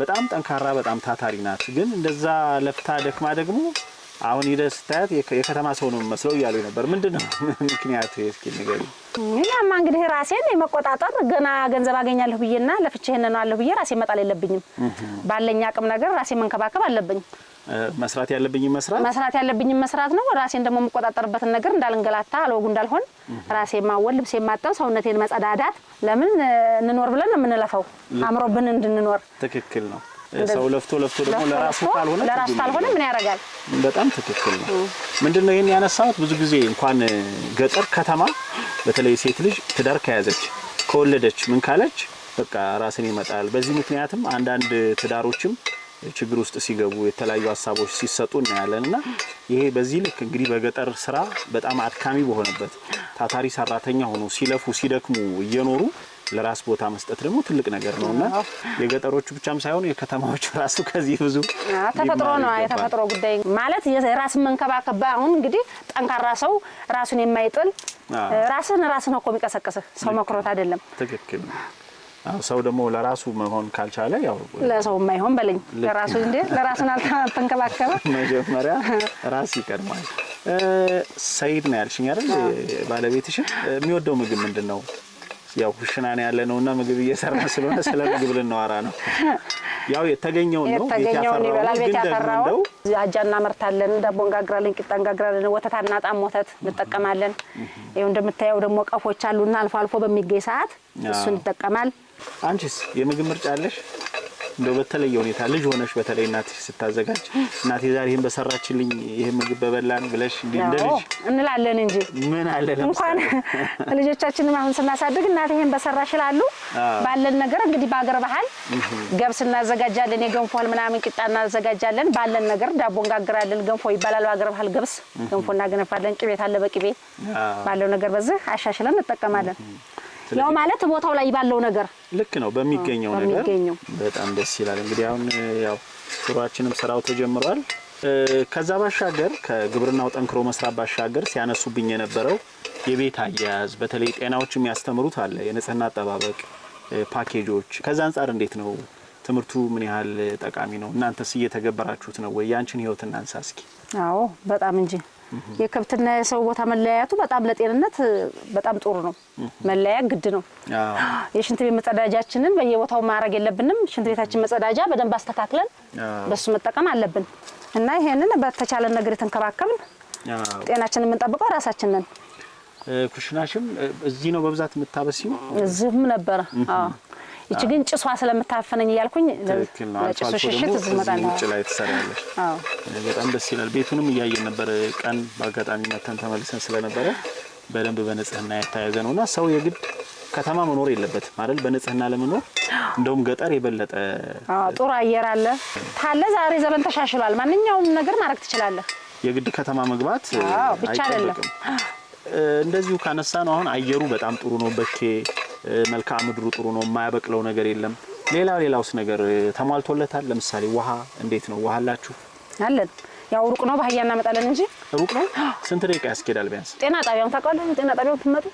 በጣም ጠንካራ በጣም ታታሪ ናት። ግን እንደዛ ለፍታ ደክማ ደግሞ አሁን ሂደህ ስታያት የከተማ ሰው ነው መስለው እያሉ ነበር። ምንድን ነው ምክንያቱ? እስኪ ንገሪኝ። እኔማ እንግዲህ ራሴን የመቆጣጠር ገና ገንዘብ አገኛለሁ ብዬና ለፍቼ ይሄን አለሁ ብዬ ራሴ መጣል የለብኝም። ባለኝ አቅም ነገር ራሴ መንከባከብ አለብኝ። መስራት ያለብኝ መስራት መስራት ያለብኝ መስራት ነው። ራሴን ደግሞ የምቆጣጠርበትን ነገር እንዳልንገላታ አልወጉ እንዳልሆን ራሴ ማወል ልብሴ ማጠብ ሰውነቴን መጸዳዳት። ለምን እንኖር ብለን ነው የምንለፈው፣ አምሮብን እንድንኖር። ትክክል ነው። ሰው ለፍቶ ለፍቶ ደግሞ ለራሱ ካልሆነ ለራሱ ካልሆነ ምን ያደርጋል? በጣም ትክክል ነው። ምንድን ነው ይህን ያነሳሁት ብዙ ጊዜ እንኳን ገጠር ከተማ፣ በተለይ ሴት ልጅ ትዳር ከያዘች ከወለደች ምን ካለች በቃ ራስን ይመጣል። በዚህ ምክንያትም አንዳንድ ትዳሮችም ችግር ውስጥ ሲገቡ የተለያዩ ሀሳቦች ሲሰጡ እናያለን እና ይሄ በዚህ ልክ እንግዲህ በገጠር ስራ በጣም አድካሚ በሆነበት ታታሪ ሰራተኛ ሆኖ ሲለፉ ሲደክሙ እየኖሩ ለራስ ቦታ መስጠት ደግሞ ትልቅ ነገር ነው እና የገጠሮቹ ብቻም ሳይሆኑ የከተማዎቹ ራሱ ከዚህ ብዙ ተፈጥሮ ነው። የተፈጥሮ ጉዳይ ማለት ራስን መንከባከብ። አሁን እንግዲህ ጠንካራ ሰው ራሱን የማይጥል ራስን ራስን እኮ የሚቀሰቅስህ ሰው መክሮት አይደለም። ትክክል ሰው ደግሞ ለራሱ መሆን ካልቻለ ያው ለሰው የማይሆን በለኝ ለራሱ እንዴ ለራስን አልተንከባከበ መጀመሪያ ራስ ይቀድማል። ሰይድ ነው ያልሽኝ አይደል? ባለቤትሽን የሚወደው ምግብ ምንድን ነው? ያው ኩሽና ነው ያለ ነው እና ምግብ እየሰራ ስለሆነ ስለ ምግብ ልናወራ ነው። ያው የተገኘውን ነው የተገኘውን ይበላል። ቤት ያፈራው አጃ እናመርታለን፣ ዳቦ እንጋግራለን፣ ቂጣ እንጋግራለን፣ ወተት አናጣም፣ ወተት እንጠቀማለን። ይኸው እንደምታየው ደግሞ ቀፎች አሉና አልፎ አልፎ በሚገኝ ሰዓት እሱ ይጠቀማል። አንቺስ የምግብ ምርጫ አለሽ? እንደው በተለየ ሁኔታ ልጅ ሆነሽ በተለይ እናትሽ ስታዘጋጅ እናቴ ዛሬ ይሄን በሰራችልኝ ይሄን ምግብ በበላን ብለሽ እንደ ልጅ እንላለን እንጂ ምን አለ እንኳን ልጆቻችንም አሁን ስናሳድግ እናቴ ይሄን በሰራሽ ይላሉ። ባለን ነገር እንግዲህ በአገር ባህል ገብስ እናዘጋጃለን፣ የገንፎል ምናምን ቂጣ እናዘጋጃለን። ባለን ነገር ዳቦ እንጋግራለን፣ ገንፎ ይባላል በአገር ባህል ገብስ ገንፎ እናገነፋለን። ቅቤት አለ በቅቤ ባለው ነገር በዚህ አሻሽለን እንጠቀማለን። ያው ማለት ቦታው ላይ ባለው ነገር ልክ ነው በሚገኘው ነገር በጣም ደስ ይላል። እንግዲህ አሁን ያው ስራችንም ስራው ተጀምሯል። ከዛ ባሻገር ከግብርናው ጠንክሮ መስራት ባሻገር ሲያነሱብኝ የነበረው የቤት አያያዝ በተለይ ጤናዎች የሚያስተምሩት አለ የንጽህና አጠባበቅ ፓኬጆች። ከዛ አንጻር እንዴት ነው ትምህርቱ ምን ያህል ጠቃሚ ነው? እናንተስ እየተገበራችሁት ነው ወይ? ያንቺን ህይወት እናንሳ እስኪ። አዎ በጣም እንጂ የከብትና የሰው ቦታ መለያየቱ በጣም ለጤንነት በጣም ጥሩ ነው። መለያ ግድ ነው። የሽንት ቤት መጸዳጃችንን በየቦታው ማድረግ የለብንም። ሽንት ቤታችን መጸዳጃ በደንብ አስተካክለን በሱ መጠቀም አለብን እና ይሄንን በተቻለን ነገር የተንከባከብን ጤናችንን የምንጠብቀው ራሳችንን። ኩሽናሽም እዚህ ነው በብዛት የምታበሲው? እዚህም ነበረ። ይቺ ግን ጭሷ ስለምታፈነኝ እያልኩኝ ጭሱ ሽሽት ላይ ትሰሪያለሽ። በጣም ደስ ይላል። ቤቱንም እያየን ነበር። ቀን በአጋጣሚ መተን ተመልሰን ስለነበረ በደንብ በንጽህና የተያዘ እና ሰው የግድ ከተማ መኖር የለበት ማለት በንጽህና ለመኖር እንደውም ገጠር የበለጠ ጥሩ አየር አለ ታለ። ዛሬ ዘመን ተሻሽሏል። ማንኛውም ነገር ማድረግ ትችላለህ። የግድ ከተማ መግባት ብቻ አይደለም። እንደዚሁ ካነሳ ነው አሁን አየሩ በጣም ጥሩ ነው። በኬ መልክዓ ምድሩ ጥሩ ነው፣ የማያበቅለው ነገር የለም። ሌላ ሌላውስ ነገር ተሟልቶለታል? ለምሳሌ ውሃ እንዴት ነው? ውሃ አላችሁ? አለን ያው ሩቅ ነው፣ በአህያ እናመጣለን እንጂ ሩቅ ነው። ስንት ደቂቃ ያስኬዳል? ቢያንስ ጤና ጣቢያውን ታውቃለህ? ጤና ጣቢያው ትመጡ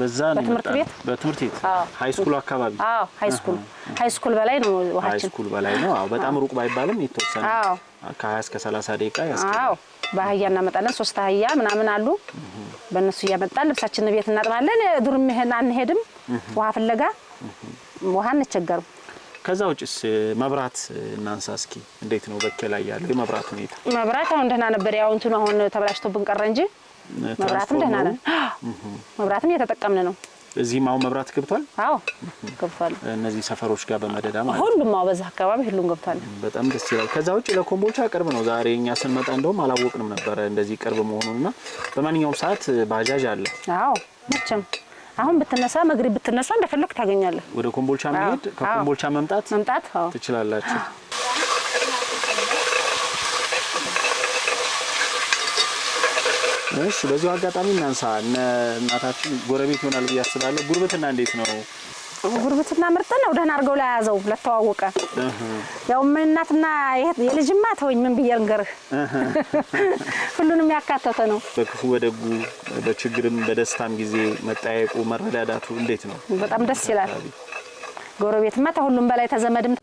በዛ ነው። ትምህርት ቤት በትምህርት ቤት ሃይ ስኩል አካባቢ። አዎ ሃይ ስኩል ሃይ ስኩል በላይ ነው ውሃችን። ሃይ ስኩል በላይ ነው። አዎ በጣም ሩቅ ባይባልም የተወሰነ ከ20 እስከ 30 ደቂቃ ያስኬዳል። አዎ በአህያ እናመጣለን። ሶስት አህያ ምናምን አሉ። በእነሱ እያመጣን ልብሳችንን ቤት እናጥባለን። ዱርም ይሄን አንሄድም ውሃ ፍለጋ ውሃ እንቸገርም ከዛ ውጭስ መብራት እናንሳ እስኪ። እንዴት ነው በኬ ላይ ያለው የመብራት ሁኔታ? መብራት አሁን ደህና ነበር። ያው እንትኑ አሁን ተበላሽቶብን ቀረ እንጂ መብራትም ደህና ነን። መብራትም እየተጠቀምን ነው። እዚህም አሁን መብራት ገብቷል። አዎ ገብቷል። እነዚህ ሰፈሮች ጋር በመደዳ ማለት ሁሉም አዎ፣ በዛ አካባቢ ሁሉም ገብቷል። በጣም ደስ ይላል። ከዛ ውጭ ለኮምቦልቻ ቅርብ ነው። ዛሬ እኛ ስንመጣ እንደውም አላወቅንም ነበረ እንደዚህ ቅርብ መሆኑንና በማንኛውም ሰዓት ባጃጅ አለ። አዎ መቼም አሁን ብትነሳ መግሪብ ብትነሳ እንደፈለግ ታገኛለህ። ወደ ኮምቦልቻ መሄድ ከኮምቦልቻ መምጣት መምጣት ትችላላችሁ። እሺ በዚሁ አጋጣሚ እናንሳ እናታችን ጎረቤት ይሆናል ብዬ አስባለሁ። ጉርብትና እንዴት ነው? ጉርብትና ምርጥ ነው። ደህና አድርገው ለያዘው ለተዋወቀ ያው ምን እናትና የልጅማ ተወኝ ምን ብዬ ልንገርህ፣ ሁሉንም ያካተተ ነው። በክፉ በደጉ በችግርም በደስታም ጊዜ መጠያየቁ መረዳዳቱ እንዴት ነው? በጣም ደስ ይላል። ጎረቤትማ ተሁሉም በላይ ተዘመድም